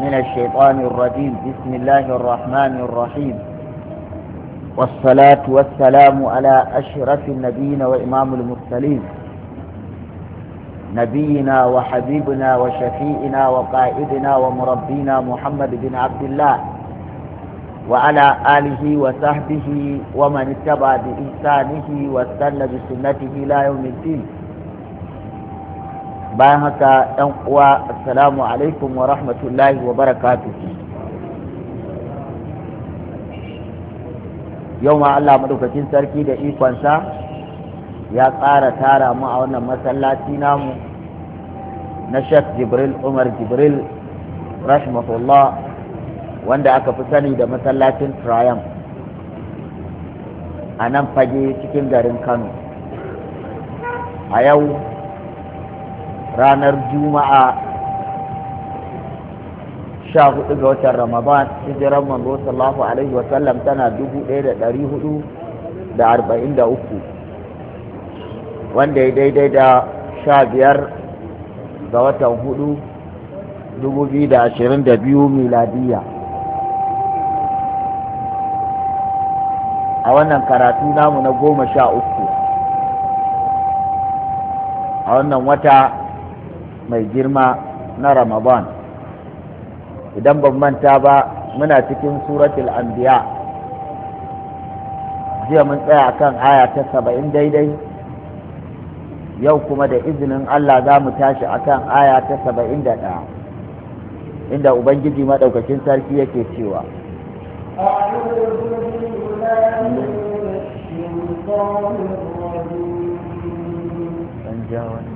من الشيطان الرجيم بسم الله الرحمن الرحيم والصلاة والسلام على أشرف النبيين وإمام المرسلين نبينا وحبيبنا وشفيئنا وقائدنا ومربينا محمد بن عبد الله وعلى آله وصحبه ومن اتبع بإحسانه واستنى بسنته لا يوم الدين bayan haka ɗan uwa assalamu alaikum wa rahmatullahi wa barakatu yau ma Allah madaukakin sarki da ikonsa ya ƙara tara mu a wannan masallaci namu na Sheikh Jibril Umar Jibril rahmatullah wanda aka fi sani da masallacin Triumph a nan fage cikin garin Kano a yau ranar juma'a sha hudu ga watan ramadan hijiran manzo sallallahu alaihi sallam tana dubu ɗaya da ɗari hudu da arba'in da uku wanda ya daidai da sha biyar ga watan hudu dubu biyu da ashirin da biyu miladiya a wannan karatu namu na goma sha uku a wannan wata mai girma na ramadan idan ban manta ba muna cikin suratul anbiya jiya mun tsaya akan aya ta saba'in daidai yau kuma da izinin allah za mu tashi akan aya ta saba'in da ɗaya inda ubangiji maɗaukacin sarki yake cewa Thank you.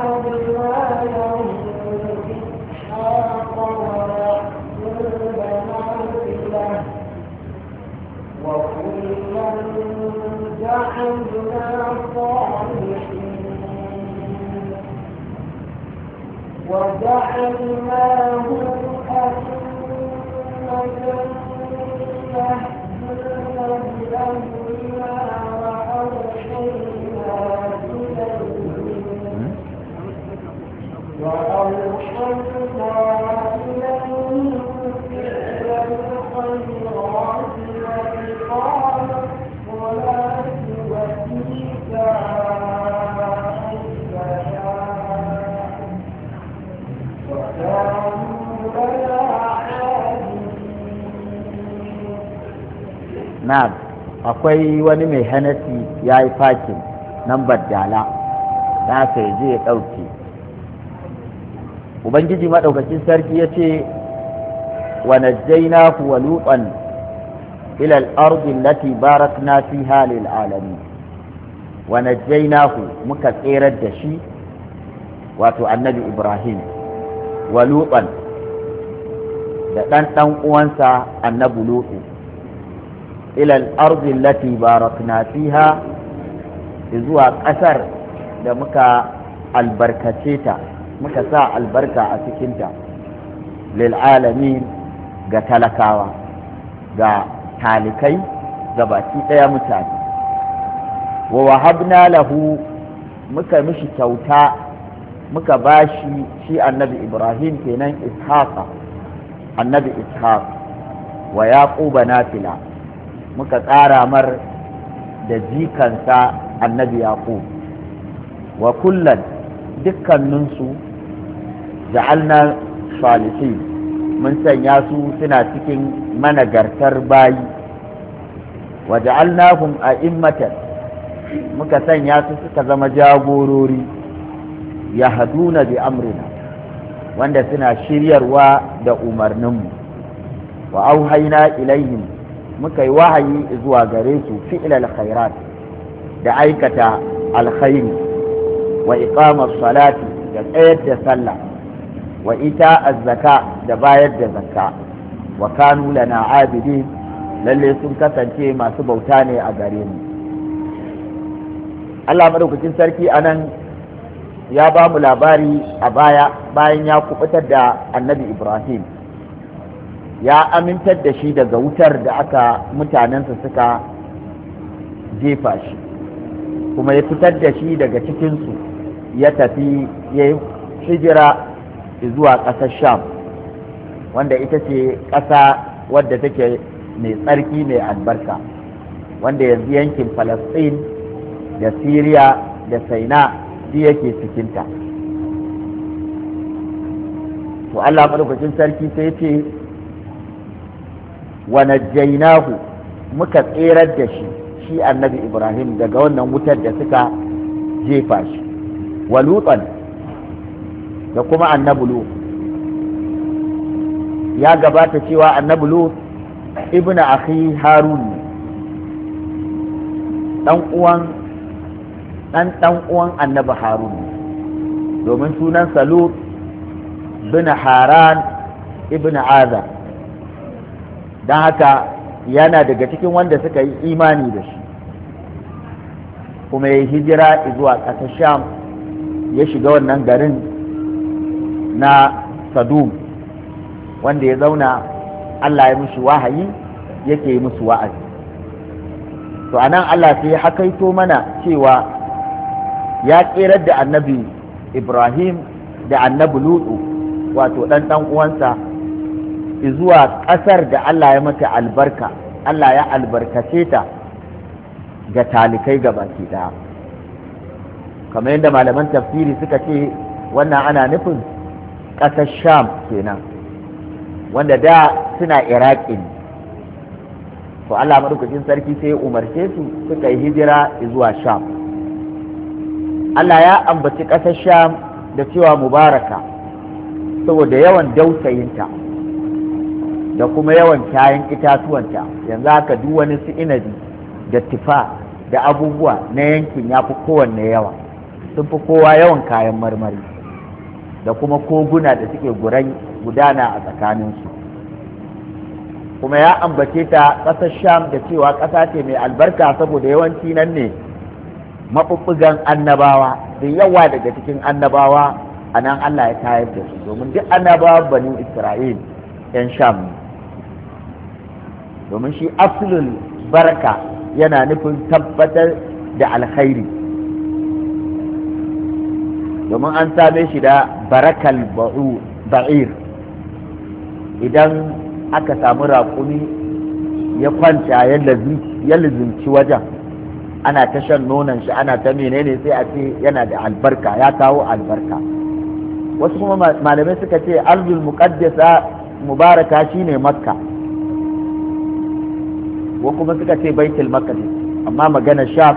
وجعلنا صالحين وجعلناهم وأوحينا إِلَيْهِ وأوحينا hanab akwai wani mai hanasi ya yi fakin nan baddala na ka je ya ɗauke ubangiji maɗaukacin sarki ya ce wa najjainahu wa lutan ila al-ardi allati barakna fiha lil alamin wa ku muka tserar da shi wato annabi ibrahim wa lutan da ɗan ɗan uwansa annabi lutu ilal arzin ardi allati barakna fiha zuwa ƙasar da muka albarkace ta muka sa albarka a cikinta lil alamin ga talakawa ga talikai ga baki ɗaya mutane wa wahabna lahu muka mishi kyauta muka bashi shi annabi ibrahim kenan ishaqa annabi ishaq wa yaquba nafila muka tsara mar da jikansa annabi yaqub wa kullan dukkaninsu ja'alna salihin mun sanya su suna cikin managartar bayi wa ja'alnahum a'immatan muka sanya su suka zama jagorori ya haduna bi amrina wanda suna shiryarwa da umarninmu wa auhaina ilaihim muka yi wahayi zuwa gare su fi'ilal khairat da aikata alkhairi wa iqamas salati da tsayar da sallah wa ita azzaka da bayar da zakka wa kanu lana abidi lalle sun kasance masu bauta ne a gare mu Allah madaukakin sarki anan ya ba mu labari a baya bayan ya kubutar da annabi Ibrahim ya amintar da shi daga wutar da aka mutanensa suka jefa shi kuma ya fitar da shi daga cikinsu ya tafi ya yi hijira zuwa ƙasar sham wanda ita ce ƙasa wadda take mai tsarki mai albarka wanda yanzu yankin falasɗin da siriya da saina shi yake cikinta to allah maɗaukacin sarki sai ce wa najjaynahu muka tserar da shi shi annabi ibrahim daga wannan wutar da suka jefa shi wa lutan da kuma annabi ya gabata cewa annabi lut ibn akhi harun dan uwan dan dan uwan annabi harun domin sunan salut bin haran ibn azar don haka yana daga cikin wanda suka yi imani da shi kuma ya yi hijira zuwa ƙasar sham ya shiga wannan garin na sadum wanda ya zauna allah ya mushi wahayi yake yi musu wa'azi to a nan allah sai hakaito mana cewa ya tserar da annabi ibrahim da annabi lutu wato ɗan ɗan uwansa zuwa ƙasar da Allah ya mata albarka Allah ya albarkace ta ga talikai ga baki ɗaya kamar yadda malaman tafsiri suka ce wannan ana nufin ƙasar sham kenan wanda da suna iraki ku to Allah madaukakin sarki sai ya umarce su suka yi hijira zuwa sham Allah ya ambaci ƙasar sham da cewa mubaraka saboda yawan dausayinta da kuma yawan kayan itatuwanta yanzu haka duk wani su inabi da tifa da abubuwa na yankin ya fi kowanne yawa sun fi kowa yawan kayan marmari da kuma koguna da suke gudana a tsakaninsu kuma ya ambace ta ƙasar sham da cewa ƙasa ce mai albarka saboda yawanci nan ne maɓuɓɓugan annabawa da yawa daga cikin annabawa a nan allah ya tayar da su domin duk annabawa banu isra'il 'yan sham ne domin shi aflul baraka yana nufin tabbatar da alkhairi domin an same shi da barakal ba'ir idan aka samu raƙumi ya kwanta ya lizinci wajen ana ta shan nonon shi ana ta menene sai a ce yana da albarka ya kawo albarka wasu kuma malamai suka ce arzul muqaddasa mubaraka shine makka ko kuma suka ce baitul maqdis amma magana shaf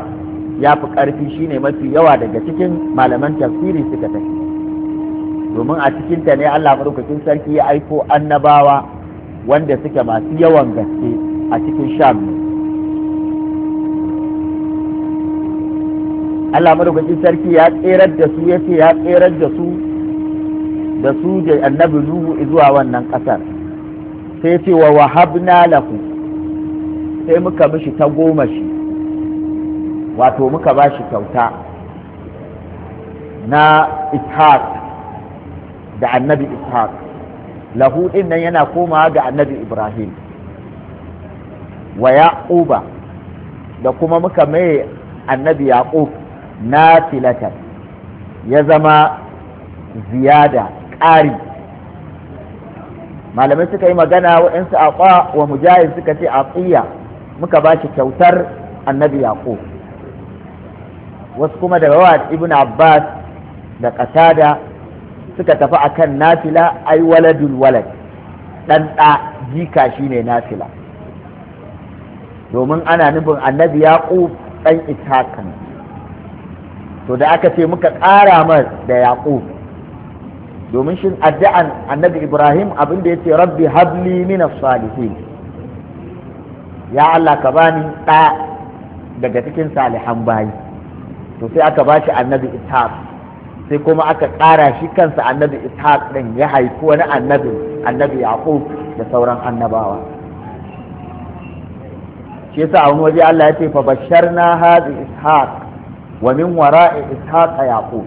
ya fi ƙarfi shine mafi yawa daga cikin malaman tafsiri suka tafi domin a cikinta ne Allah madaukakin sarki ya aiko annabawa wanda suke masu yawan gaske a cikin sham Allah madaukakin sarki ya tserar da su ya ce ya tserar da su da su da annabi zuwa wannan kasar sai ce wa wahabna lahu sai muka mishi ta goma shi wato muka ba shi kyauta na ishaq da annabi ishaq lahu din nan yana komawa ga annabi ibrahim wa yaquba da kuma muka mai annabi yaqub na filatan ya zama ziyada ƙari malamai suka yi magana waɗansu aƙwa wa mujahid suka ce aqiya muka ba shi kyautar annabi yaqub wasu kuma daga wa ibn abbas da qatada suka tafi akan nafila ai waladul walad dan da jika shine nafila domin ana nufin annabi yaqub dan ishaq ne to da aka ce muka ƙara mas da yaqub domin shin addu'an annabi ibrahim abin da yace rabbi habli min salihin ya Allah ka bani ɗa daga cikin salihan bayi to sai aka bashi annabi ishaq sai kuma aka ƙara shi kansa annabi ishaq ɗin ya haifi wani annabi annabi yaqub da sauran annabawa shi yasa a wani waje Allah ya ce fa basharna hadi ishaq wa min wara'i ishaq yaqub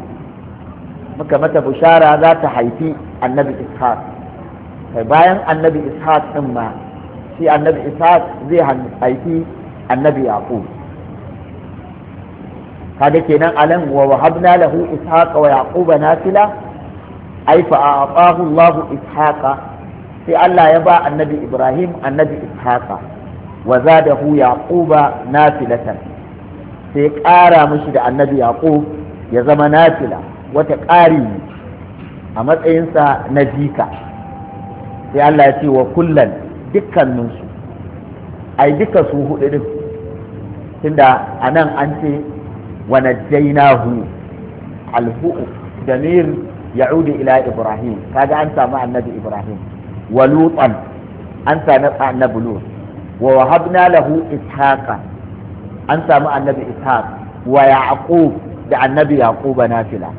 muka mata bishara za ta haifi annabi ishaq kai bayan annabi ishaq ɗin ma shi annabi Isa zai haifi annabi yaqub kaga kenan alan wa wahabna lahu ishaqa wa yaquba nafila ai fa a'tahu Allah ishaqa sai Allah ya ba annabi Ibrahim annabi ishaqa wa zadahu yaquba nafilatan sai ƙara mashi da annabi yaqub ya zama nafila wata ƙari a matsayinsa na jika sai Allah ya ce wa kullan dukkaninsu ai duka su hudu din tunda a nan an ce wa najjaynahu alhu damir ya'udu ila ibrahim kaga an samu annabi ibrahim wa lutan an samu annabi lut wa wahabna lahu ishaqa an samu annabi ishaq wa yaqub da annabi yaquba nafila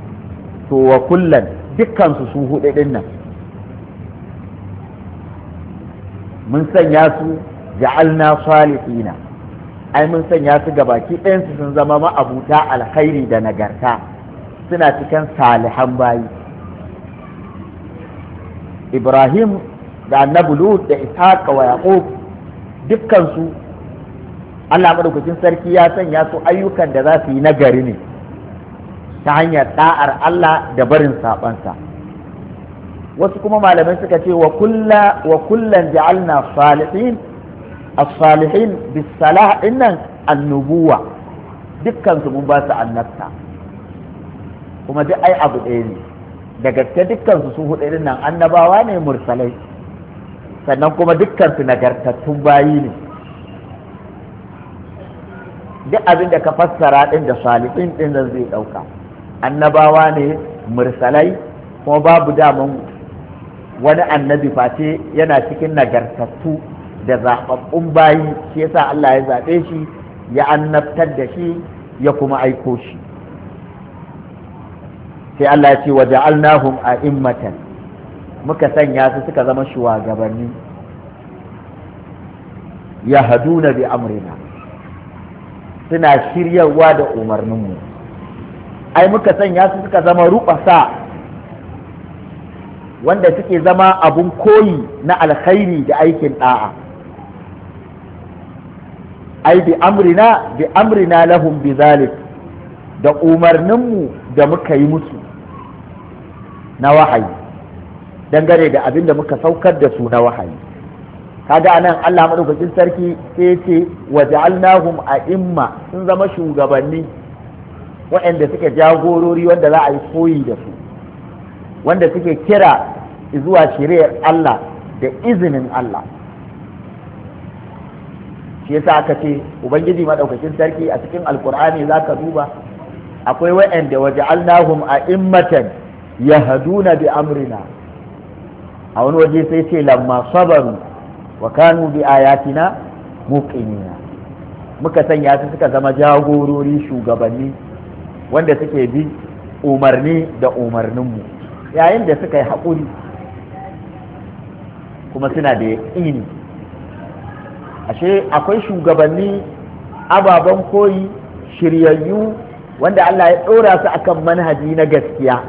to wa kullan dukkan su su hudu din nan mun sanya su ja'alna salihina ai mun sanya su ga baki ɗayansu sun zama ma'abuta alkhairi da nagarta suna cikin salihan bayi ibrahim da annabi da ishaq wa yaqub dukkansu Allah madaukakin sarki ya sanya su ayyukan da za su yi nagari ne ta hanyar da'ar Allah da barin saɓansa. wasu kuma malamai suka ce wa kulla wa kullan ja'alna salihin as-salihin bis-salah dinnan annubuwa dukkan su mun ba su annabta kuma duk ai abu ɗaya ne da gaske dukkan su su hudu din nan annabawa ne mursalai sannan kuma dukkan su nagartattun bayi ne duk abin da ka fassara din da salihin din zai ɗauka annabawa ne mursalai kuma babu daman wani annabi face yana cikin nagartattu da zaɓaɓɓun bayi shi yasa Allah ya zaɓe shi ya annabtar da shi ya kuma aiko shi sai Allah ya ce wa ja'alnahum a'immatan muka sanya su suka zama shugabanni yahduna bi amrina suna shiryarwa da umarninmu ai muka sanya su suka zama rubasa wanda suke zama abun koyi na alkhairi da aikin da'a ai bi amrina bi amrina lahum bi zalik da umarninmu da muka yi musu na wahayi dangane da abin da muka saukar da su na wahayi kaga anan Allah madaukakin sarki sai ce wa ja'alnahum a'imma sun zama shugabanni waɗanda suke jagorori wanda za a yi koyi da su wanda suke kira zuwa shiriyar Allah da izinin Allah shi yasa aka ce ubangiji maɗaukakin sarki a cikin alkur'ani ka duba akwai wa'anda waja'alnahum a'immatan yahduna bi amrina a wani waje sai ce lamma sabaru wa kanu bi ayatina muqinina muka sanya su suka zama jagorori shugabanni wanda suke bi umarni da umarninmu yayin da suka yi haƙuri kuma suna da ini ashe akwai shugabanni ababen koyi shiryayyu wanda Allah ya ɗora su akan manhaji na gaskiya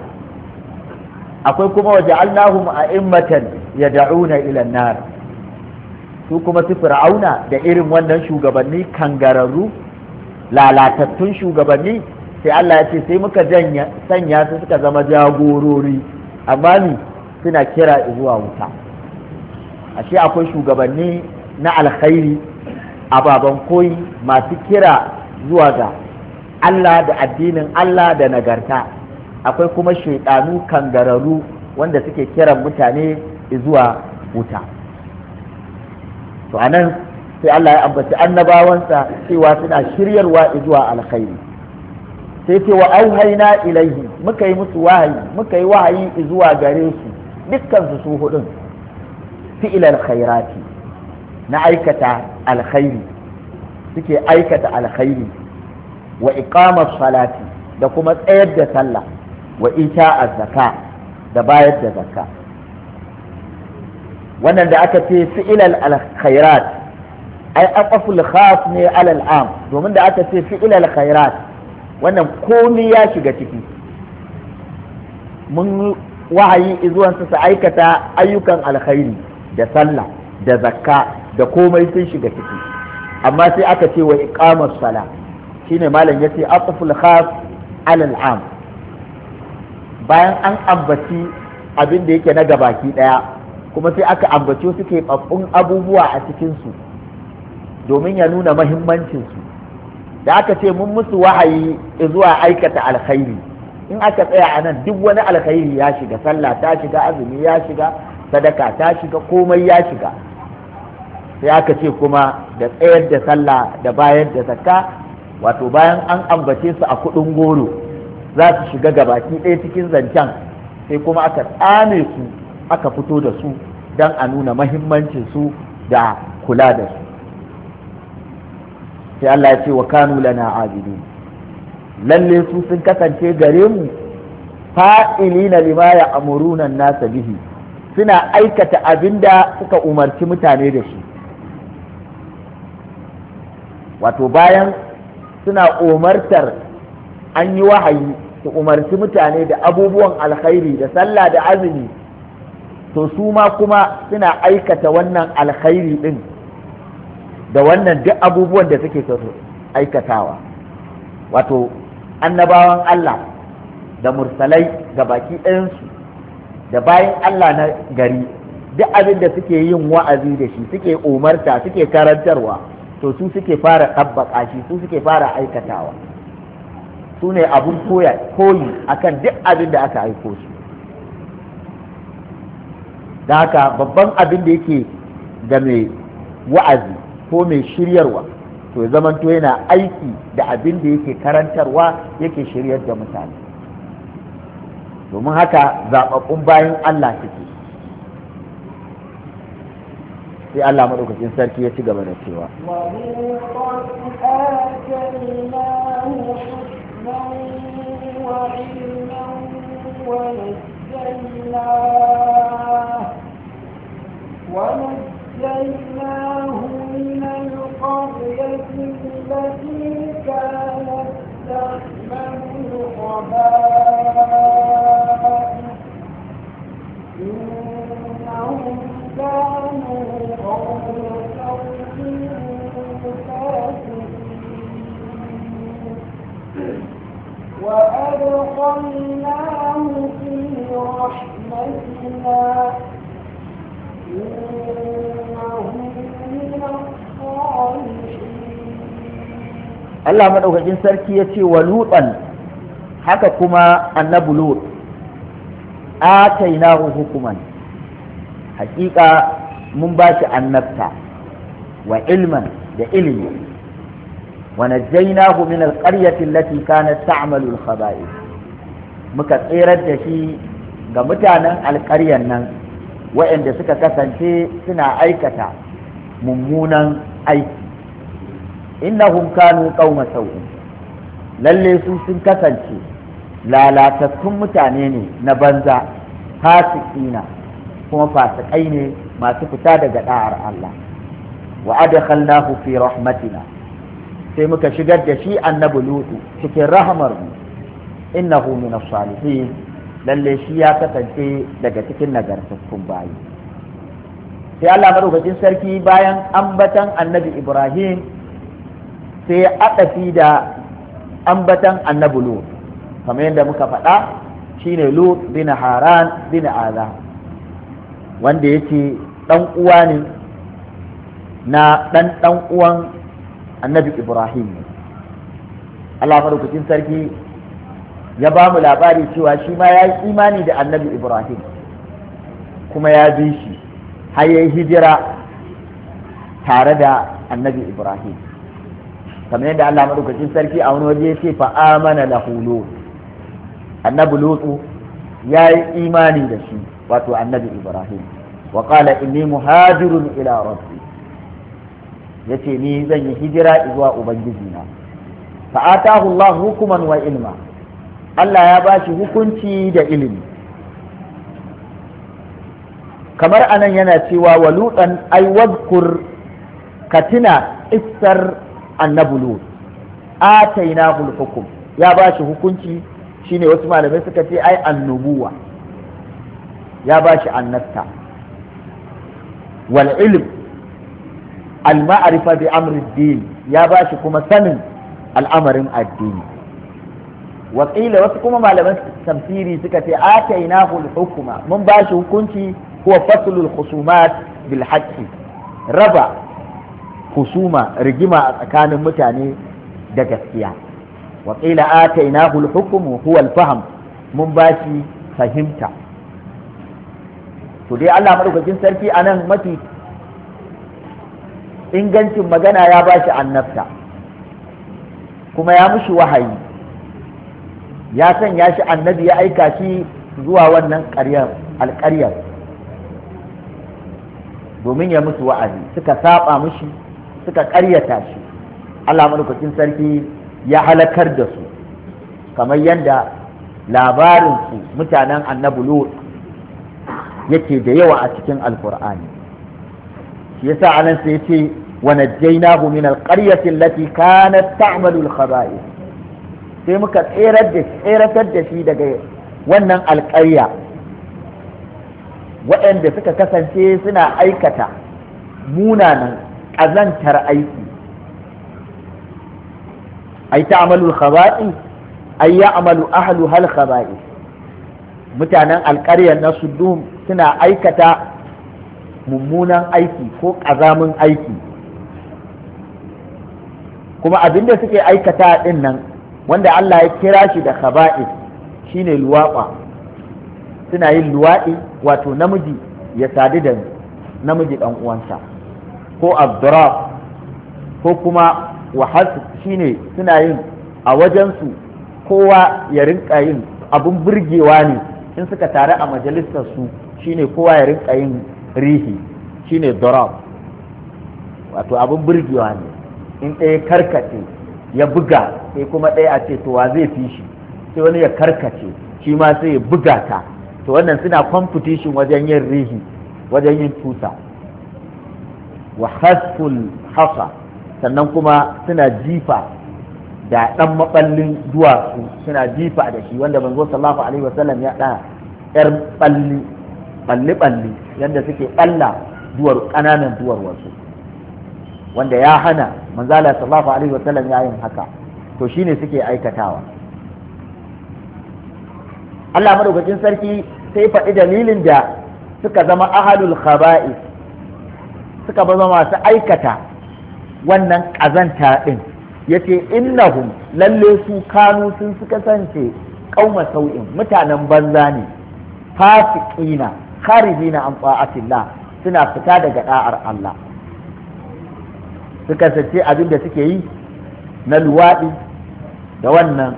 akwai kuma waje allahum a'immatan ya da'una ilan nar su kuma su fir'auna da irin wannan shugabanni kangararru lalatattun shugabanni sai Allah ya ce sai muka janya sanya su suka zama jagorori amma ni suna kira zuwa wuta ashe akwai shugabanni na alkhairi ababen koyi masu kira zuwa ga Allah da addinin Allah da nagarta akwai kuma shaidanu kangararru wanda suke kiran mutane zuwa wuta to anan sai Allah ya ambaci annabawansa cewa suna shiryarwa zuwa alkhairi sai ce wa auhaina ilaihi muka yi musu wahayi muka yi wahayi zuwa gare su dukkan su su hudun fi'ilal khairati na aikata alkhairi suke aikata alkhairi wa iqamat salati da kuma tsayar da sallah wa ita zaka da bayar da zakka wannan da aka ce fi'ilal alkhairat ai aqaful khas ne alal am domin da aka ce fi'ilal khairat wannan komi ya shiga ciki mun wahayi izuwansu su aikata ayyukan alkhairi da sallah da zakka da komai sun shiga ciki amma sai aka ce wa iqamar sala shine malam yace aqful khas alal am bayan an ambaci abin da yake na gabaki daya kuma sai aka ambaci suke babbun abubuwa a cikin su domin ya nuna mahimmancin su da aka ce mun musu wahayi zuwa aikata alkhairi in aka tsaya a nan duk wani alkhairi ya shiga sallah ta shiga azumi ya shiga sadaka ta shiga komai ya shiga sai aka ce kuma da tsayar da sallah da bayar da zakka wato bayan an ambace su a kudin goro za su shiga gabaki ɗaya cikin zancen sai kuma aka tsame su aka fito da su don a nuna mahimmancin su da kula da su sai Allah ya ce wa kanu lana abidin lalle su sun kasance gare mu fa'ilina lima ya amuruna nasa bihi suna aikata abinda suka umarci mutane da shi wato bayan suna umartar an yi wahayi su umarci mutane da abubuwan alkhairi da sallah da azumi to su ma kuma suna aikata wannan alkhairi din da wannan duk abubuwan da suke so aikatawa wato annabawan Allah da mursalai ga baki ɗayansu da bayan Allah na gari duk abin da suke yin wa'azi da shi suke umarta suke karantarwa to su suke fara ɗabbaƙa shi su suke fara aikatawa su ne abin koyi akan duk abin da aka aiko su da haka babban abin da yake ga mai wa'azi ko mai shiryarwa to zaman to yana aiki da abin da yake karantarwa yake shiryar da mutane domin haka zaɓaɓɓun bayan Allah suke sai Allah maɗaukakin sarki ya ci gaba da cewa ونجيناه ونجيناه من القرية التي كانت تحمل الخبائث إنهم كانوا قوم وأدخلناه في رحمتنا Allah maɗaukakin sarki ya ce wa lutsan haka kuma annabu lut atainahu hukuman hakika mun ba shi annabta wa ilman da ilimi wa najjaynahu min alqaryati allati kanat ta'malu al muka tsirar da shi ga mutanen alƙaryan nan waɗanda suka kasance suna aikata mummunan aiki innahum kanu qauma sau'in lalle su sun kasance lalatattun mutane ne na banza fasikina kuma fasikai ne masu fita daga ɗa'ar Allah wa adkhalnahu fi rahmatina sai muka shigar da shi annabi lutu cikin rahmar mu innahu min salihin lalle shi ya kasance daga cikin nagartattun bayi sai Allah madaukakin sarki bayan ambatan annabi Ibrahim sai fi da ambatan annabi Lut kamar yadda muka faɗa shine Lut bin Haran bin Aza wanda yake dan uwa ne na dan dan uwan annabi Ibrahim Allah madaukakin sarki ya ba mu labari cewa shi ma ya yi imani da annabi ibrahim kuma ya bi shi har ya yi hijira tare da annabi ibrahim kamar yadda allah maɗaukacin sarki a wani waje ya ce fa'amana lahu lut annabi lutsu ya yi imani da shi wato annabi ibrahim wa qala inni muhajirun ila rabbi ce ni zan yi hijira zuwa ubangijina fa'atahu allah hukuman wa ilma Allah ya ba shi hukunci da ilimi kamar anan yana cewa walutan ai wadkur katina isar annabulu ataina hukum ya ba shi hukunci shine wasu malamai suka ce ai annubuwa ya ba shi annabta wal ilm al ma'rifa bi amri din ya ba shi kuma sanin al'amarin addini wakila wasu kuma malaman tafsiri suka ce atainahu al-hukma mun ba shi hukunci huwa faslul khusumat bil haqqi raba husuma rigima a tsakanin mutane da gaskiya wakila atainahu al-hukmu huwa al-fahm mun ba shi fahimta to dai Allah madaukakin sarki anan mafi ingancin magana ya ba shi annabta kuma ya mushi wahayi ya sanya shi annabi ya aika shi zuwa wannan alƙaryar domin ya musu wa'azi suka saba mushi suka ƙaryata shi Allah madaukakin sarki ya halakar da su kamar yadda labarinsu mutanen annabi lut yake da yawa a cikin alkur'ani shi yasa anan sai yace wa jainahu min alqaryati allati kanat ta'malu al sai muka tseratar da shi daga wannan alƙarya waɗanda suka kasance suna aikata munanan ƙazantar aiki ai ta amalu khaba'i ai ya amalu ahlu hal khaba'i mutanen alƙaryar na sudum suna aikata mummunan aiki ko ƙazamin aiki kuma abinda suke aikata ɗin nan wanda Allah ya kira shi da khaba'i shine luwaɓa suna yin luwaɗi wato namiji ya sadu da namiji dan uwansa ko abdura ko kuma wahas shine suna yin a wajensu kowa ya rinka yin abun burgewa ne in suka taru a majalisarsu shine kowa ya rinka yin rihi shine dorab wato abun burgewa ne in ɗaya karkace ya buga sai kuma ɗaya a ce to wa zai fi shi sai wani ya karkace shi ma sai ya buga ta to wannan suna competition wajen yin rihi wajen yin tuta, wa hasful hasa sannan kuma suna jifa da ɗan maɓallin duwatsu suna jifa da shi wanda manzo sallallahu alaihi wasallam ya ɗaya ƴar ɓalli ɓalli ɓalli yadda suke ɓalla duwar ƙananan duwar wasu wanda ya hana manzala sallallahu alaihi wasallam ya yin haka to shine suke aikatawa Allah madaukakin sarki sai faɗi dalilin da suka zama ahalul khaba'i suka zama masu aikata wannan ƙazanta ɗin ya ce innahum lalle su kanu sun suka sance ƙauma sau'in mutanen banza ne fasikina kharijina an fa'atillah suna fita daga da'ar Allah su kasance abin da suke yi na luwaɗi da wannan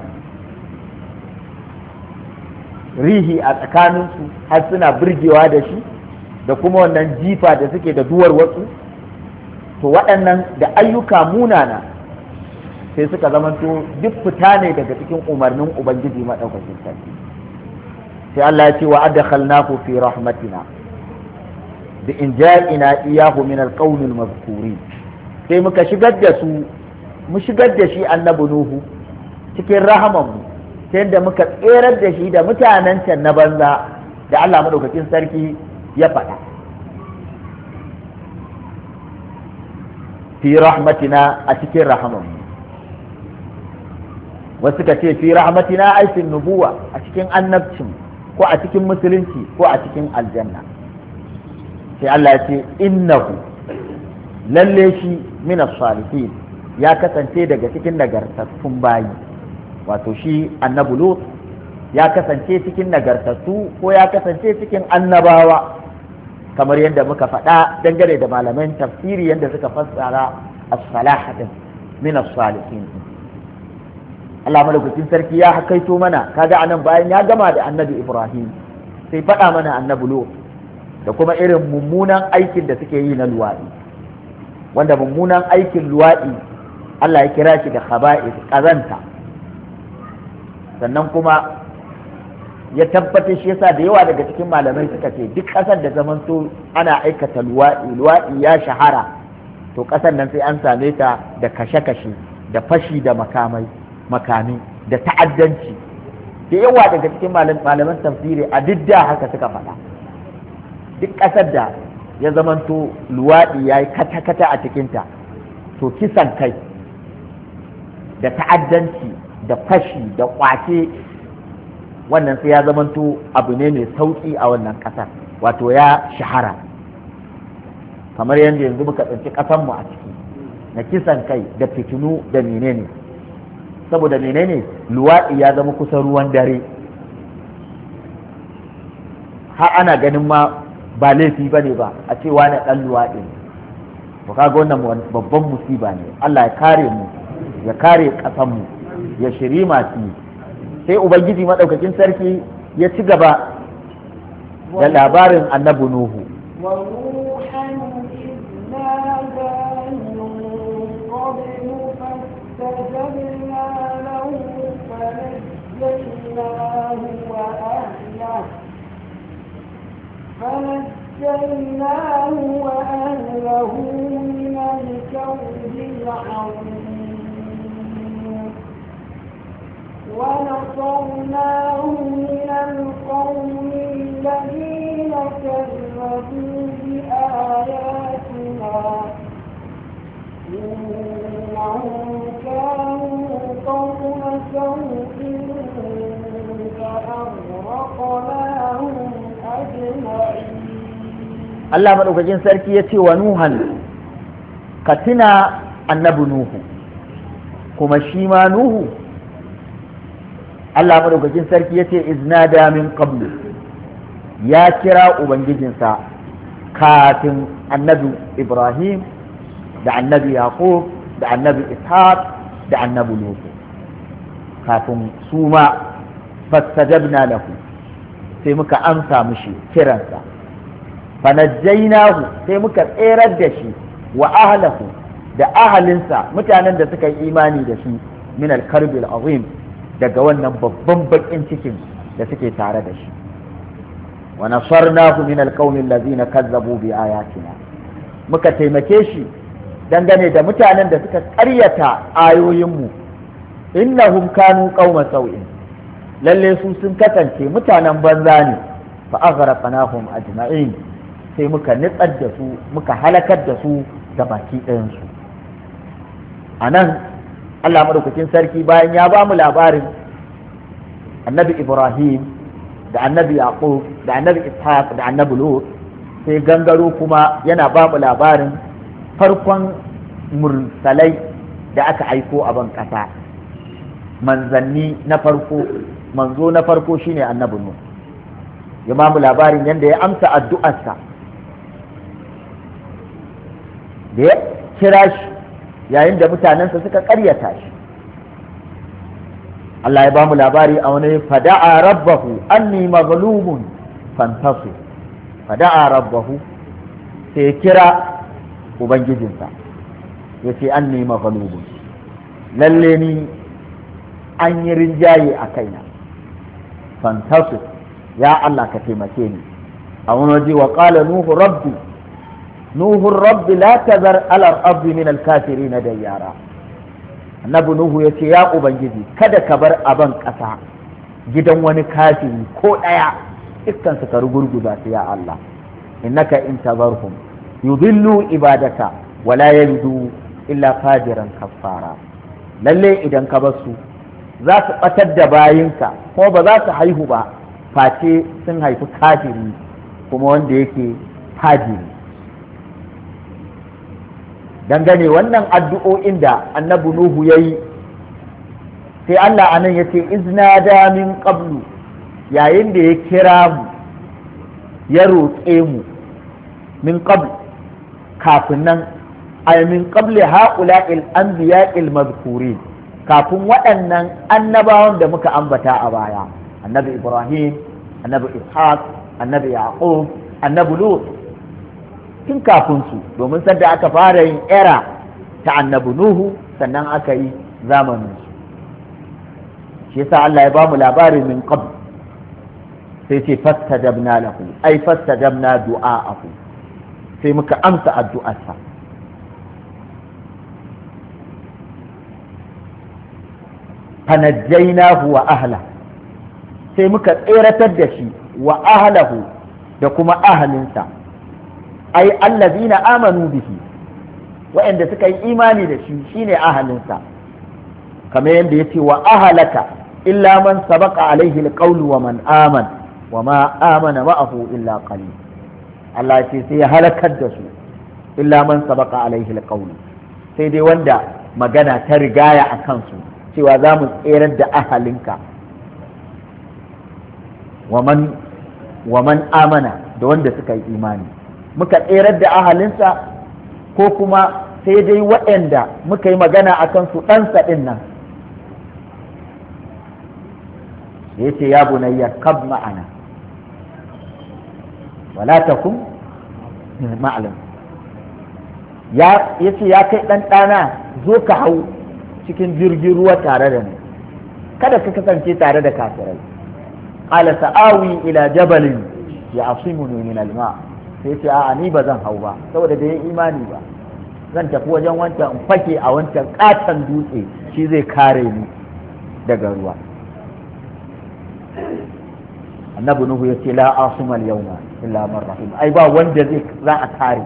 rihi a tsakaninsu har suna birgewa da shi da kuma wannan jifa da suke da duwar wasu to waɗannan da ayyuka munana sai suka zamanto duk fita ne daga cikin umarnin ubangiji maɗaukakin sarki sai Allah ya ce wa adkhalnahu fi rahmatina bi inja'ina iyahu min alqawmil mazkurin sai muka shigar da su mu shigar da shi annabi nuhu cikin rahamanmu ta yadda muka tserar da shi da mutanen can na banza da Allah maɗaukakin sarki ya faɗa fi rahmatina a cikin rahamanmu wasu ka ce fi rahmatina aikin nubuwa a cikin annabcin ko a cikin musulunci ko a cikin aljanna sai Allah ya ce innahu lalle shi min salihin ya kasance daga cikin nagartattun bayi wato shi annabi lut ya kasance cikin nagartattu ko ya kasance cikin annabawa kamar yadda muka faɗa dangane da malaman tafsiri yadda suka fassara as-salah min as-salihin Allah sarki ya hakaito mana kaga anan bayan ya gama da annabi Ibrahim sai faɗa mana annabi Lut da kuma irin mummunan aikin da suke yi na luwaɗi wanda mummunan aikin luwaɗi Allah ya kira shi da khaba'is ƙazanta sannan kuma ya tabbatar shi yasa da yawa daga cikin malamai suka ce duk ƙasar da zaman to ana aikata luwaɗi luwaɗi ya shahara to ƙasar nan sai an same ta da kashe-kashe da fashi da makamai makami da ta'addanci da yawa daga cikin malaman tafsiri a duk da haka suka faɗa duk ƙasar da ya zamanto luwaɗi ya yi kata-kata a cikinta to kisan kai da ta'addanci da fashi da kwace wannan sai ya zamanto abu ne mai sauƙi a wannan ƙasar wato ya shahara kamar yadda yanzu muka tsinci ƙasanmu a ciki na kisan kai da fitinu da menene saboda menene luwaɗi ya zama kusan ruwan dare har ana ganin ma ba laifi ba ne ba a ce wani ɗan luwaɗi ne ba kaga wannan babban musiba ne Allah ya kare mu ya kare ƙasanmu ya shiri masu sai ubangiji maɗaukakin sarki ya ci gaba da labarin annabi nuhu فاستجبنا له فنجيناه وأهله من الكرب العظيم ونصرناه من القوم الذين كذبوا بآياتنا إنهم Allah maɗaukakin sarki ya ce wa nuhan ka tuna annabi nuhu kuma shi ma nuhu Allah maɗaukakin sarki ya ce iznada min qablu ya kira ubangijinsa kafin annabi ibrahim da annabi yaqub da annabi ishaq da annabi nuhu kafin su ma fastajabna lahu sai muka amsa mushi kiransa fanajjainahu sai muka tserar da shi wa ahlahu da ahalinsa mutanen da suka yi imani da shi min al azim daga wannan babban bakin cikin da suke tare da shi wa nasarnahu min al-qawmi allazina kazzabu bi ayatina muka taimake shi dangane da mutanen da suka ƙaryata ayoyinmu innahum kanu qauma sau'in lalle su sun kasance mutanen banza ne fa aghraqnahum ajma'in sai muka nitsar da su muka halakar da su da baki ɗayansu a nan allah maɗaukakin sarki bayan ya ba mu labarin annabi ibrahim da annabi yaqub da annabi ishaq da annabi lut sai gangaro kuma yana ba mu labarin farkon mursalai da aka aiko a ban ƙasa manzanni na farko manzo na farko shine annabi nuh ya ba mu labarin yadda ya amsa addu'arsa da ya kira shi yayin da mutanensa suka karyata shi Allah ya ba mu labari a wani fada'a rabbahu anni maghlubun fantasu fada'a rabbahu sai ya kira ubangijinsa ya ce anni maghlubun lalle ni an yi rinjaye a kaina fantasu ya Allah ka taimake ni a wani waje wa qala nuhu rabbi nuhun rabbi la tazar alar abdi min na dayyara annabi nuhu ya ce ya ubangiji kada ka bar aban ƙasa gidan wani kafiri ko ɗaya iskansa ka rugurguza su ya Allah innaka in tazarhum yudillu ibadaka wala yalidu illa fajiran kaffara lalle idan ka bar su za su batar da bayinka ko ba za su haihu ba face sun haifi kafiri kuma wanda yake fajiri dangane wannan addu'o'in da annabi nuhu ya yi sai allah anan ya ce iznada min qablu yayin da ya kira mu ya roƙe mu min qabl kafin nan a min qabli ha'ula'il anbiya'il madhkurin kafin waɗannan annabawan da muka ambata a baya annabi ibrahim annabi ishaq annabi yaqub annabi lut tun kafin su domin sanda aka fara yin era ta annabi nuhu sannan aka yi zamanin su shi yasa Allah ya ba mu labari min qabl sai ce fastajabna lahu ai fastajabna du'a'ahu sai muka amsa addu'arsa fanajjainahu wa ahla sai muka tseratar da shi wa ahlahu da kuma ahalinsa ai allazina amanu bihi wa'anda suka yi imani da shi shine ahalinsa kamar yadda yace wa ahalaka illa man sabaqa alaihi alqawlu wa man aman wa ma amana ma'ahu illa qalil Allah ce sai ya halakar da su illa man sabaqa alaihi alqawlu sai dai wanda magana ta rigaya a kansu cewa za mu tserar da ahalinka wa man amana da wanda suka yi imani muka tserar da ahalinsa ko kuma sai dai waɗanda muka yi magana a kansu ɗansa ɗin nan ya ce ya bunayya kab ma'ana wala kun ma'alin ya ce ya kai ɗan ɗana zo ka hau cikin jirgin ruwa tare da ni kada ka kasance tare da kafirai ala sa'awi ila jabalin ya asimuni min al-ma' sai ce a ni ba zan hau ba saboda da ya imani ba zan tafi wajen wancan in fake a wancan katon dutse shi zai kare ni daga ruwa annabi nuhu ya ce la asumal yawma illa man rahim ai ba wanda zai za a kare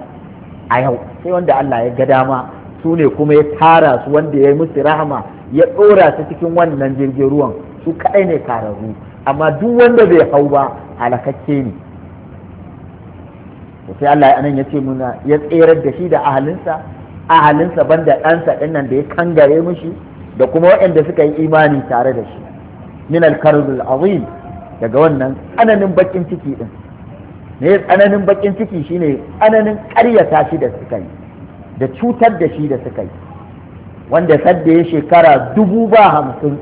a yau sai wanda Allah ya ga dama su ne kuma ya tara su wanda ya yi musu rahama ya dora su cikin wannan jirgin ruwan su kaɗai ne kararru amma duk wanda bai hau ba halakakke ne to sai Allah ya nan ya ce muna ya tserar da shi da ahalinsa ahalinsa banda ɗansa ɗin nan da ya kangare mushi da kuma waɗanda suka yi imani tare da shi min al azim daga wannan tsananin bakin ciki din ne tsananin bakin ciki shine tsananin ƙaryata shi da suka yi da cutar da shi da suka yi wanda sadda ya shekara dubu ba hamsin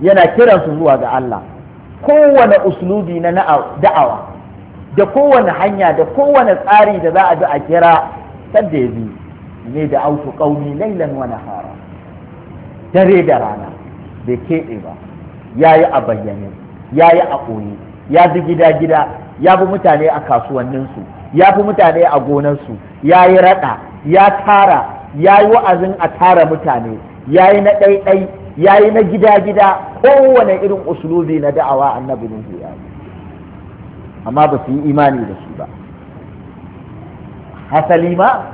yana kiransu zuwa ga Allah kowane uslubi na da'awa da kowane hanya da kowane tsari da za a bi a kira sadda ya bi ne da auku ƙauni lailan wani hara dare da rana bai keɓe ba ya yi a bayyane ya yi a koyi ya bi gida-gida ya bi mutane a kasuwanninsu ya fi mutane a gonarsu ya yi raɗa ya tara ya yi wa'azin a tara mutane ya yi na ɗaiɗai ya yi na gida-gida kowane irin usulubi na da'awa annabi nuhu ya yi amma ba su yi imani da shi ba hasali ma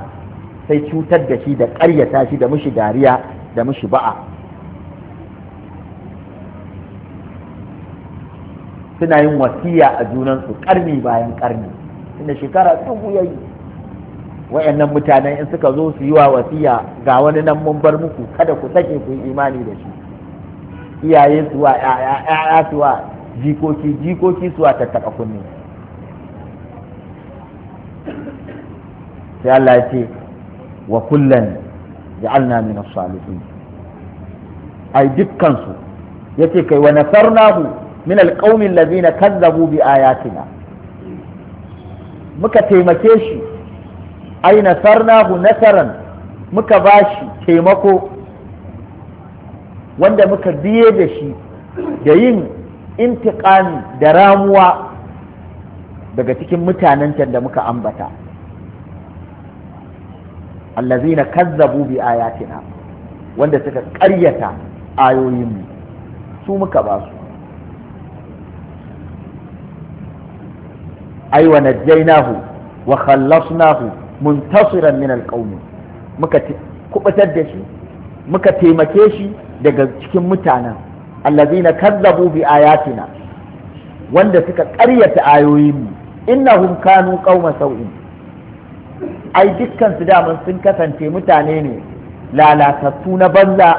sai cutar da shi da ƙaryata shi da mushi dariya da mushi ba'a suna yin wasiya a junansu ƙarni bayan ƙarni inda shekara dubu ya yi wa'annan mutanen in suka zo su yi wa wasiya ga wani nan mun bar muku kada ku sake ku yi imani da shi iyaye suwa 'ya'ya jikoki jikoki suwa wa tattaka kunne sai Allah ya ce wa kullan ja'alna min as-salihin ai dukkan su yace kai wa nasarnahu min alqaumi allazina kazzabu bi ayatina muka taimake shi ai nasarnahu nasaran muka bashi taimako wanda muka biye da shi da yin intiƙami da ramuwa daga cikin mutanen can da muka ambata allazina kazzabu bi ayatina wanda suka ƙaryata ayoyinmu su muka ba su ai wa najjaynahu wa khallasnahu muntasiran min alqawmi muka kubutar da shi muka taimake shi daga cikin mutanen allazina kazzabu bi ayatina wanda suka ƙaryata ayoyinmu innahum kanu qauma sau'in ai dukkan su daman sun kasance mutane ne lalatattu na banza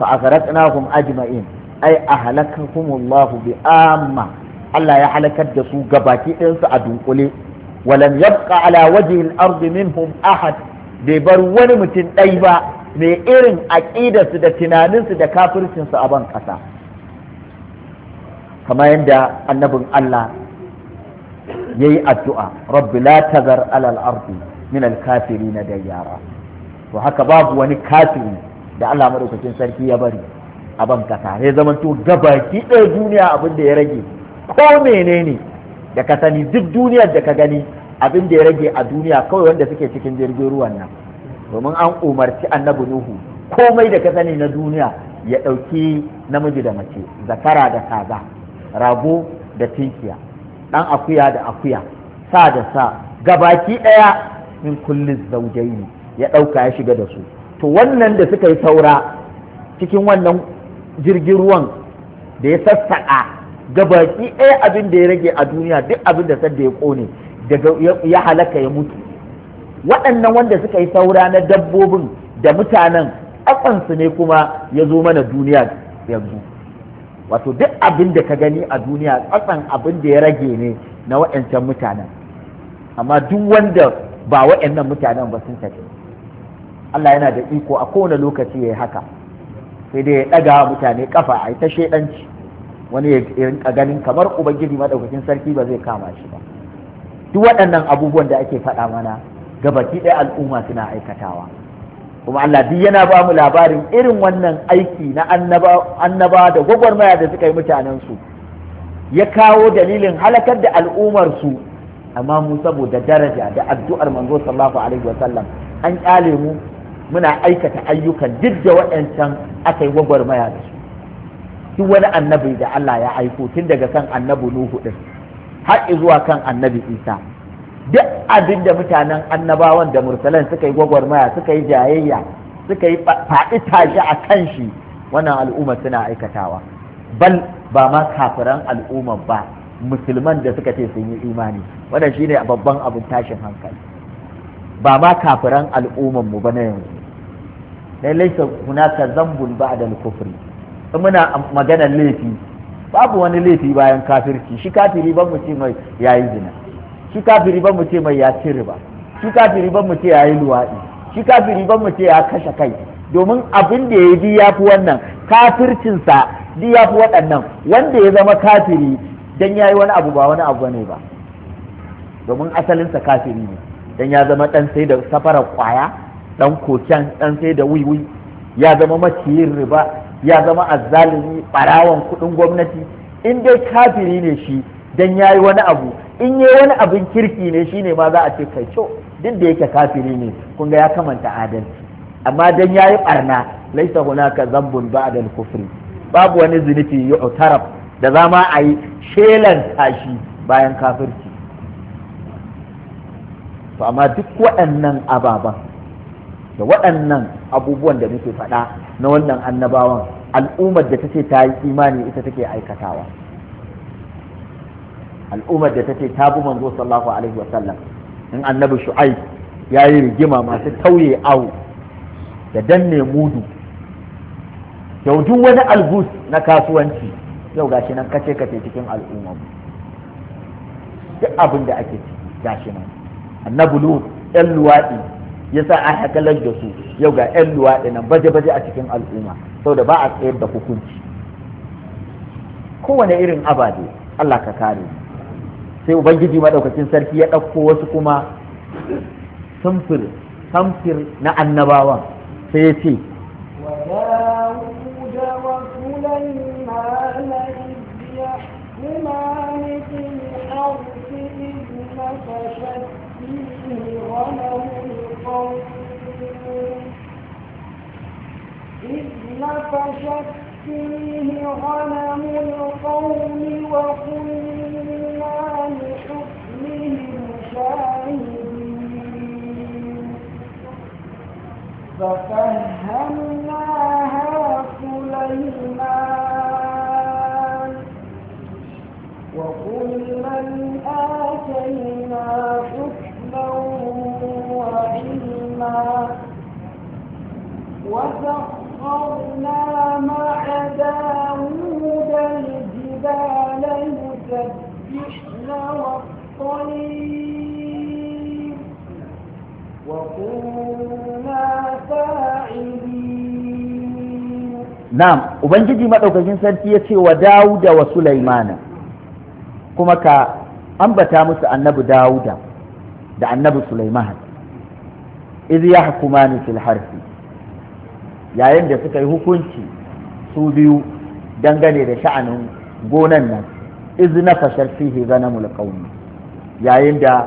fa aghraqnahum ajma'in ai ahlakahumullahu bi amma Allah ya halakar da su gabaki ɗayan su a dunkule walam yabqa ala wajhi al-ard minhum ahad bai bar wani mutum ɗai ba mai irin aƙidarsu da tunaninsu da kafircinsu a ban ƙasa kamar yadda annabin Allah ya yi addu'a rabbi la tazar alal ardi min alkafiri na dayyara to haka babu wani kafiri da Allah madaukakin sarki ya bari a ban kasa ya zama to gabaki ɗaya duniya abin da ya rage ko menene da ka sani duk duniyar da ka gani abin da ya rage a duniya kawai wanda suke cikin jirgin ruwan nan domin an umarci annabi nuhu komai da ka sani na duniya ya ɗauki namiji da mace zakara da kaza rago da tinkiya ɗan akuya da akuya sa da sa gabaki ɗaya min kulli ne ya ɗauka ya shiga da su to wannan da suka yi saura cikin wannan jirgin ruwan da ya sassaƙa baki ɗaya abin da ya rage a duniya duk abin da sadda ya ƙone daga ya halaka ya mutu waɗannan wanda suka yi saura na dabbobin da mutanen ƙasansu ne kuma ya zo mana duniya yanzu wato duk abin da ka gani a duniya ƙasan abin da ya rage ne na waɗancan mutanen amma duk wanda ba waɗannan mutanen ba sun tafi Allah yana da iko a kowane lokaci ya yi haka sai dai ya ɗaga mutane kafa a ta shaɗanci wani ya rinka ganin kamar ubangiji maɗaukakin sarki ba zai kama shi ba duk waɗannan abubuwan da ake faɗa mana gabaki ɗaya al'umma suna aikatawa kuma Allah duk yana ba mu labarin irin wannan aiki na annaba da gwagwarmaya da suka yi mutanensu ya kawo dalilin halakar da al'ummarsu amma mu saboda daraja da addu'ar manzo sallallahu alaihi wa sallam an kyale mu muna aikata ayyukan duk da waɗancan aka yi gwagwarmaya da su duk wani annabi da Allah ya aiko tun daga kan annabi Nuhu din har zuwa kan annabi Isa duk abin da mutanen annabawan da mursalan suka yi gwagwarmaya suka yi jayayya suka yi faɗi tashi a kan shi wannan al'umma suna aikatawa bal ba ma kafiran al'umma ba musulman da suka ce sun yi imani wannan shine babban abin tashin hankali ba ma kafiran al'umman mu ba na yanzu dai laisa hunaka zambun ba da kufri in muna maganar laifi babu wani laifi bayan kafirci shi kafiri ban mu ce mai yayi zina shi kafiri ban mu ce mai ya ci riba shi kafiri ban mu ce yayi luwaɗi shi kafiri ban mu ce ya kashe kai domin abin da ya ji ya fi wannan kafircinsa duk ya fi waɗannan wanda ya zama kafiri dan yayi wani abu ba wani abu ne ba domin asalinsa kafiri ne dan ya zama dan sai da safarar kwaya dan koken dan sai da wiwi ya zama maciyin riba ya zama azzalimi barawan kudin gwamnati in dai kafiri ne shi dan yayi wani abu in yayi wani abin kirki ne shine ma za a ce kai co duk da yake kafiri ne kun ga ya kamanta adalci amma dan yayi barna laisa hunaka zambun ba'da al-kufri babu wani zunubi yu'taraf da za ma a yi shelan tashi bayan kafirci to amma duk waɗannan ababen da waɗannan abubuwan da muke faɗa na wannan annabawan al'ummar da take ta yi imani ita take aikatawa al'ummar da take ta bi manzo sallallahu alaihi wasallam in annabi shu'aib ya yi rigima masu tauye awo da danne mudu da duk wani albus na kasuwanci yau gashi nan kace kace cikin al'umma duk abin da ake ciki gashi nan annabulu yan luwaɗi ya sa a hakalar da su yau ga yan luwaɗi nan baje-baje a cikin al'umma saboda ba a tsayar da hukunci kowane irin ababe Allah ka kare sai ubangiji maɗaukacin sarki ya ɗauko wasu kuma samfir samfir na annabawan sai ya ce نفشت فيه غنم القوم وكنا لحكمهم شاهدين ففهمناها سليمان وكلا آتينا حكما وعلما وسخرنا وسخرنا مع داود الجبال يسبحن والطير وكنا فاعلين نعم وبنجي مدوكاكين سنتي يتي وداود وسليمان كما كا أنبتا مسا النبي داود da annabi Sulaiman iz yahkumani fil harfi yayin da suka yi hukunci su biyu dangane da sha'anin gonan nan iz na fashar fihe zana mulkauni. yayin da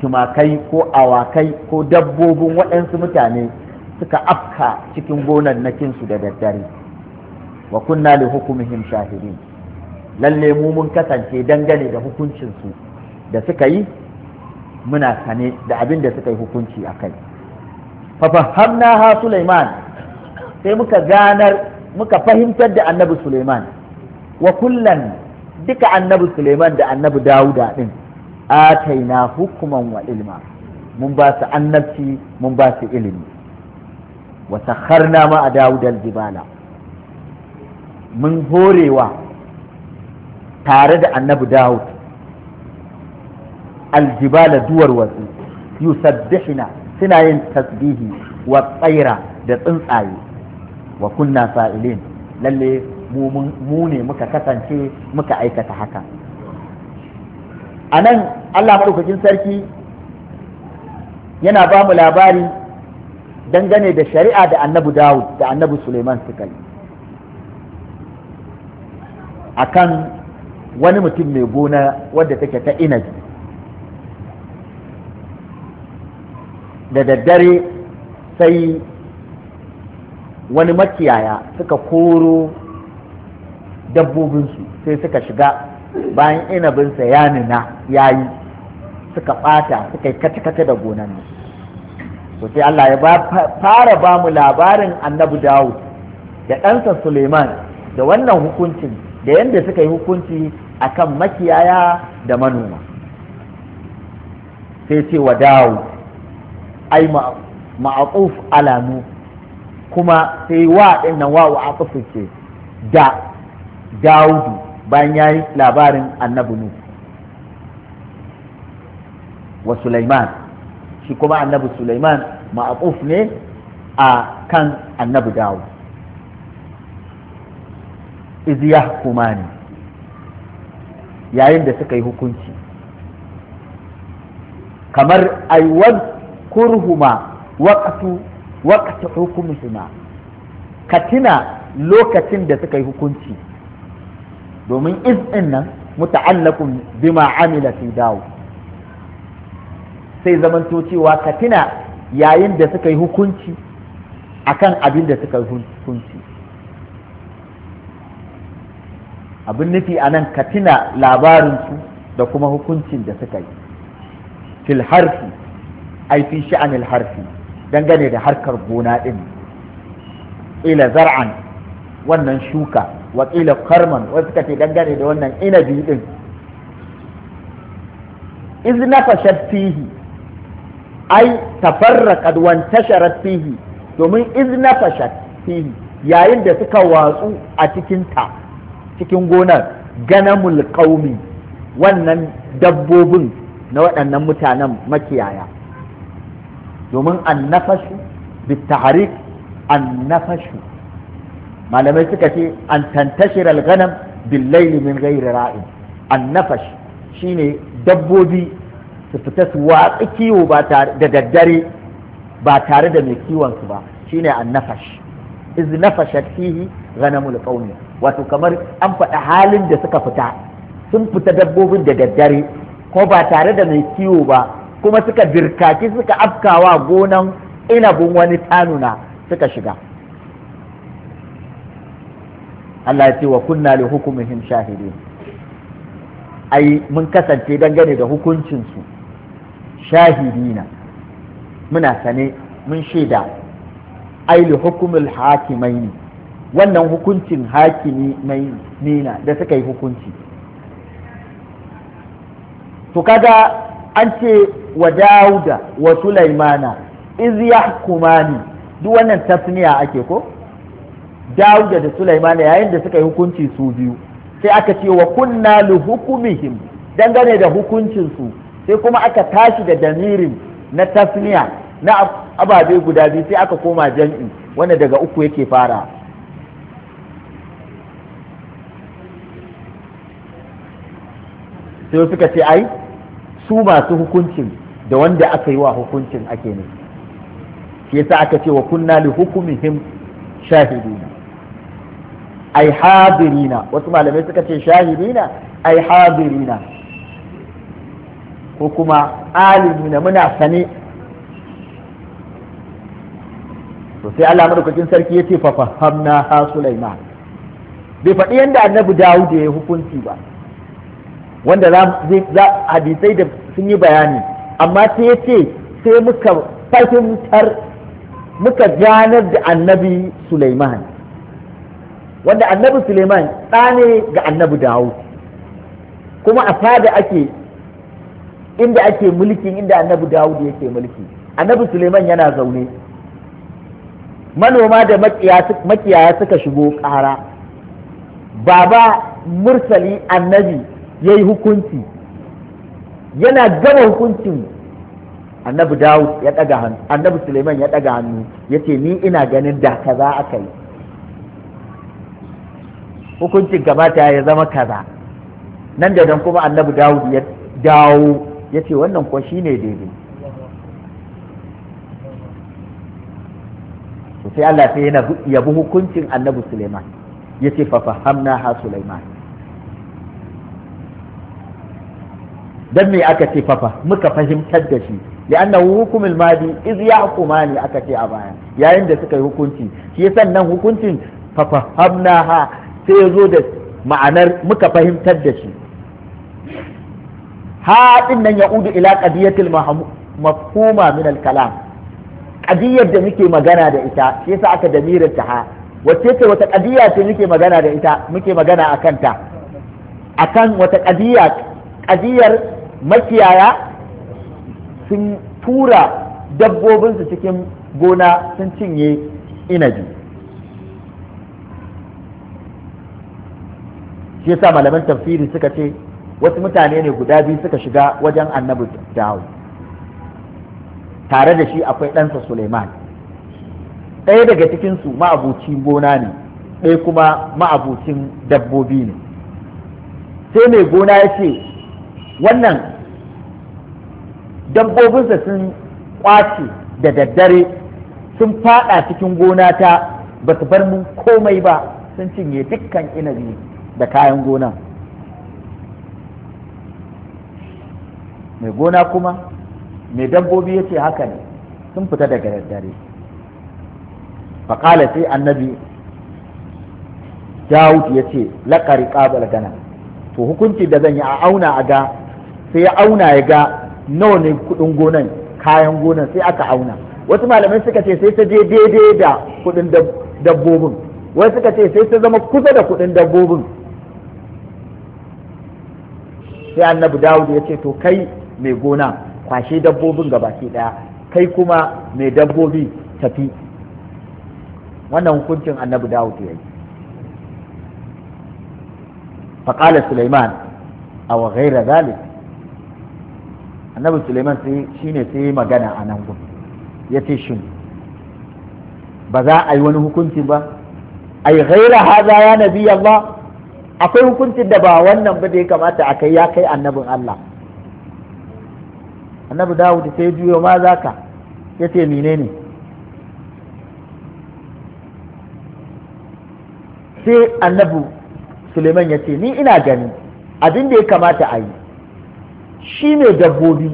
tumakai ko awakai ko dabbobin waɗansu mutane suka afka cikin na su da daddare wa kunna li hukumihim shahidin lalle mu mun kasance dangane da hukuncinsu da suka yi muna sane da abin da suka yi hukunci a kai fafahamnaha Sulaiman sai muka ganar muka fahimtar da annabi Suleiman wa kullan duka annabi Sulaiman da annabi Dawuda din ataina hukuman wa ilma mun ba su annabci mun ba su ilimi wa sakharna ma a Dawudal jibala mun horewa tare da annabi Dawud aljibala duwar wasu yusabbihina suna yin tasbihi wa tsaira da tsuntsaye wa kunna sa'ilin lalle mu ne muka kasance muka aikata haka a nan allah maɗaukakin sarki yana ba mu labari dangane da shari'a da annabi dawud da annabi suleiman suka yi a kan wani mutum mai gona wanda take ta inabi da daddare sai wani makiyaya suka koro dabbobinsu sai suka shiga bayan inabinsa ya nuna ya yi suka ɓata suka yi kace-kace da gonan nan sai Allah ya fara ba mu labarin annabi Dawud da ɗansa Suleiman da wannan hukuncin da yadda suka yi hukunci akan makiyaya da manoma sai ce wa Dawud ai ma'aquf ala kuma sai wa din nan wa wa ce da Dawudu bayan yayi labarin annabi nu wa Sulaiman shi kuma annabi Sulaiman ma'aquf ne a kan annabi iziya kuma ne yayin da suka yi hukunci kamar aiwar kurhuma waqtu waqtu hukumihima ka lokacin da suka yi hukunci domin iz din nan muta'allaqun bima amila fi dawo sai zamanto cewa ka yayin da suka yi hukunci akan abin da suka yi hukunci abin nufi a nan ka labarinsu da kuma hukuncin da suka yi fil harfi ai fi sha'anil harfi dangane da harkar gona din ila zar'an wannan shuka wa ila karman wasu suka ce dangane da wannan inabi din iz nafashat fihi ai tafarraqat wa tasharat fihi domin iz nafashat fihi yayin da suka watsu a cikin ta cikin gonar ganamul qaumi wannan dabbobin na waɗannan mutanen makiyaya domin an an bitaharik annafashu malamai suka ce an tantashir alganam billaili min ghairi ra'in Shi ne dabbobi su fita su watsi kiwo da daddare ba tare da mai kiwon su ba shine annafash iz nafashat fihi ghanamul qawmi wato kamar an faɗa halin da suka fita sun fita dabbobin da daddare ko ba tare da mai kiwo ba kuma suka dirkaki suka afkawa gonan inabin wani tanuna suka shiga Allah ya ce wa kunna li hukumihim shahidin ai mun kasance dangane da hukuncinsu shahidina muna sane mun shaida ai li hukumul hakimaini wannan hukuncin hakimi mai nina da suka yi hukunci to kaga an ce wa dauda wa sulaimana iz yahkumani duk wannan tasniya ake ko dauda da sulaimana yayin da suka yi hukunci su biyu sai aka ce wa kunna li hukumihim dangane da hukuncin su sai kuma aka tashi da damirin na tasniya na ababe guda biyu sai aka koma jam'i wanda daga uku yake fara sai suka ce ai su masu hukuncin da wanda aka yi wa hukuncin ake ne shi yasa aka ce wa kunna li hukumihim shahidina ai hadirina wasu malamai suka ce shahidina ai hadirina ko kuma alimina muna sane to sai Allah madaukakin sarki yace fa fahamna ha Sulaiman bai faɗi yadda annabi Dawud ya yi hukunci ba wanda hadisai da sun yi bayani amma sai ya ce sai muka fahimtar muka ganar da annabi Sulaiman wanda annabi Sulaiman ɗa ne ga annabi Dawud kuma a fada ake inda ake mulkin inda annabi Dawud yake mulki annabi Sulaiman yana zaune manoma da makiyaya suka shigo ƙara baba mursali annabi ya yi hukunci yana gama hukuncin annabi dawud ya ɗaga hannu annabi suleiman ya ɗaga hannu ya ce ni ina ganin da kaza aka yi hukuncin kamata ya zama kaza nan da nan kuma annabi dawud ya dawo ya ce wannan kuwa shi ne daidai sai Allah sai yana yabi hukuncin annabi suleiman ya ce fafa hamna ha suleiman dan me aka ce fafa muka fahimtar da shi li'annahu hukumul madi iz yahkumani aka ce a baya yayin da suka yi hukunci shi yasa nan hukuncin ha sai yazo da ma'anar muka fahimtar da shi haɗin din nan yaudu ila qadiyatil mafhuma min kalam qadiyar da muke magana da ita shi yasa aka damirin ta ha wacce ce wata qadiya ce muke magana da ita muke magana akan ta akan wata qadiya makiyaya sun tura dabbobinsu cikin gona sun cinye inabi shi yasa malaman tafsiri suka ce wasu mutane ne guda biyu suka shiga wajen annabi dawo tare da shi akwai ɗansa suleiman ɗaya daga cikinsu ma'abucin gona ne ɗaya kuma ma'abucin dabbobi ne sai mai gona ya ce wannan dabbobinsa sun kwace da daddare sun fada cikin gona ta ba su bar mun komai ba sun cinye dukkan inabi da kayan gona mai gona kuma mai dabbobi ya ce haka ne sun fita daga daddare faƙala sai annabi dawud ya ce laƙari ƙabar gana to hukunci da zan yi a auna a ga sai ya auna ya ga nawa ne kudin gonan kayan gonan sai aka auna wasu malamai suka ce sai ta je daidai da kudin dabbobin wasu suka ce sai ta zama kusa da kudin dabbobin sai annabi dawud ya ce to kai mai gona kwashe dabbobin gabaki daya kai kuma mai dabbobi tafi wannan hukuncin annabi dawud ya yi faƙalar suleiman a wa ghaira annabi suleiman sai shine sai yi magana a nan gudu ya ce shi ba za a yi wani hukunci ba a yi ghaira haza ya nabi Allah akwai hukuncin da ba wannan ba da ya kamata a kai ya kai annabin Allah annabi dawud sai juyo ma za ka ya ce ne sai annabi suleiman ya ce ni ina gani abin da ya kamata a yi shi ne dabbobi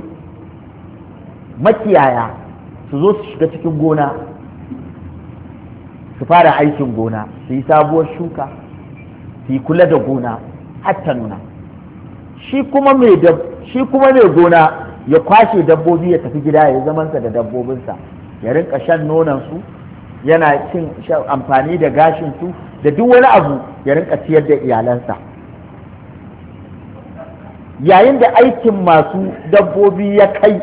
makiyaya su zo su shiga cikin gona su fara aikin gona su yi sabuwar shuka su yi kula da gona hatta nuna shi kuma mai gona ya kwashe dabbobi ya tafi gida ya zamansa da dabbobinsa ya rinka shan nonansu yana cin amfani da gashinsu da duk wani abu ya rinka ciyar da iyalansa yayin da aikin masu dabbobi ya kai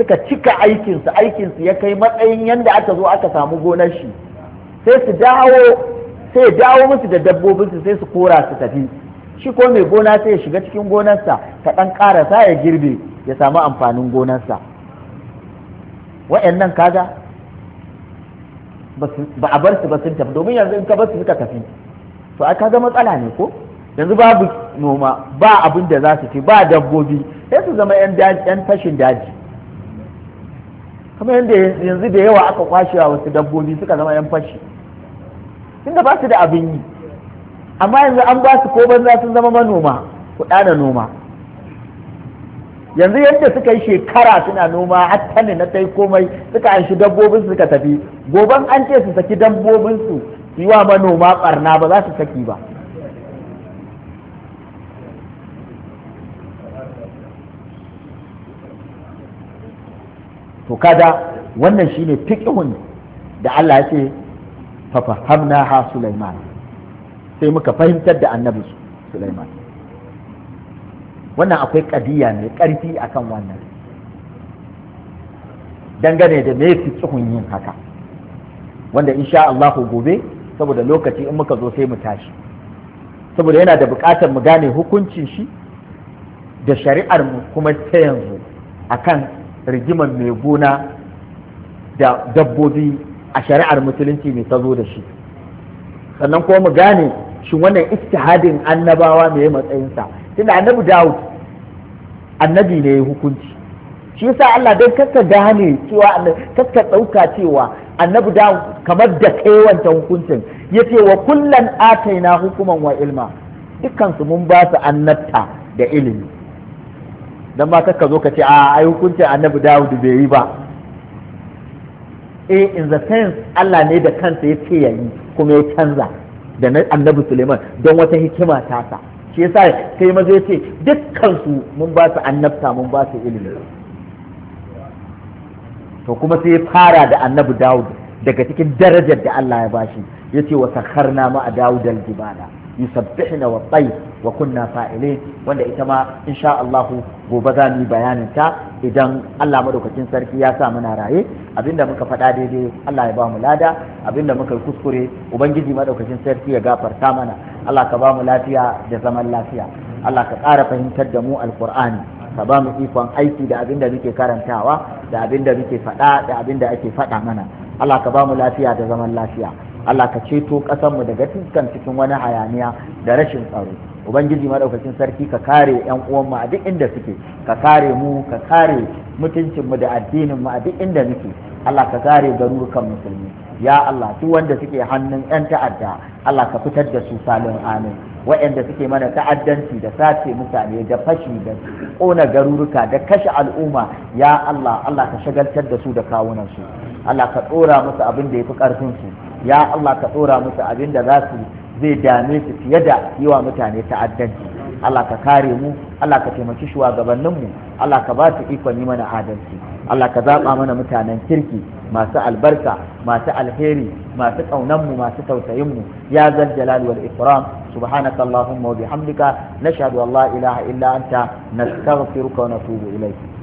suka cika aikinsu aikinsu ya kai matsayin yadda aka zo aka samu gonar shi sai su dawo sai dawo musu da dabbobinsu sai su kora su tafi shi ko mai gona sai ya shiga cikin gonarsa ta ɗan ƙarasa ya girbe ya samu amfanin gonarsa wa'annan kaga ba a bar su ba sun tafi domin yanzu in ka bar su suka tafi to a kaga matsala ne ko yanzu babu noma ba abin da za su ci ba dabbobi sai su zama yan fashin daji kamar yadda yanzu da yawa aka kwashe wa wasu dabbobi suka zama yan fashi tunda ba su da abin yi amma yanzu an ba su ko banza su zama manoma kuɗa da noma yanzu yadda suka yi shekara suna noma hattani na tai komai suka anshi dabbobin suka tafi goban an ce su saki dabbobin su yi wa manoma ɓarna ba za su saki ba to kada wannan shine fiqhun da Allah ya ce fa ha Sulaiman sai muka fahimtar da annabi Sulaiman wannan akwai kadiya mai karfi akan wannan dangane da me fiqhun yin haka wanda insha Allah gobe saboda lokaci in muka zo sai mu tashi saboda yana da buƙatar mu gane hukuncin shi da shari'ar mu kuma ta yanzu akan rigiman mai gona da dabbobi a shari'ar musulunci mai ta zo da shi sannan kuma mu gane shi wannan istihadin annabawa mai matsayinsa tunda annabi dawo annabi ne ya hukunci shi yasa Allah don kakka gane cewa kakka ɗauka cewa annabi dawo kamar da kai wanta hukuncin ce wa kullan na hukuman wa ilma Dukkansu mun ba su annabta da ilimi dan ma ka zo ka ce a ai hukuncin annabi Dawud bai yi ba eh in the sense Allah ne da kansa ya ce yayi kuma ya canza da na annabi Suleiman don wata hikima ta sa shi yasa sai mazo ya ce dukkan su mun ba su annabta mun ba su ilimi to kuma sai ya fara da annabi Dawud daga cikin darajar da Allah ya bashi yace wa sakharna ma Dawud al-jibala yusabbihna wa tayr wa kunna fa'ilin wanda ita ma insha Allah gobe za mu yi bayanin ta idan Allah madaukakin sarki ya sa muna raye abinda muka faɗa daidai Allah ya ba mu lada abinda muka yi kuskure ubangiji madaukakin sarki ya gafarta mana Allah ka ba mu lafiya da zaman lafiya Allah ka ƙara fahimtar da mu alkur'ani ka ba mu ikon aiki da abinda muke karantawa da abinda muke faɗa da abinda ake faɗa mana Allah ka ba mu lafiya da zaman lafiya Allah ka ceto ƙasarmu daga cikin wani hayaniya da rashin tsaro ubangiji maɗaukacin sarki ka kare yan uwan mu a duk inda suke ka kare mu ka kare mutuncinmu da addinin mu a duk inda muke Allah ka kare garurukan musulmi ya Allah duk wanda suke hannun yan ta'adda Allah ka fitar da su salin amin waɗanda suke mana ta'addanci da sace mutane da fashi da ƙona garuruka da kashe al'umma ya Allah Allah ka shagaltar da su da kawunan su Allah ka ɗora musu abin da ya fi ƙarfinsu, su ya Allah ka ɗora musu abin da za su zai dame su fiye da yi wa mutane ta'addanci Allah ka kare mu Allah ka taimaki shugabanninmu Allah ka ba su ikon yi mana adalci Allah ka zaɓa mana mutanen kirki masu albarka masu alheri masu ƙaunanmu masu tausayinmu ya zal jalal wal ikram subhanaka allahumma wa bihamdika nashhadu an la ilaha illa anta nastaghfiruka wa natubu ilayk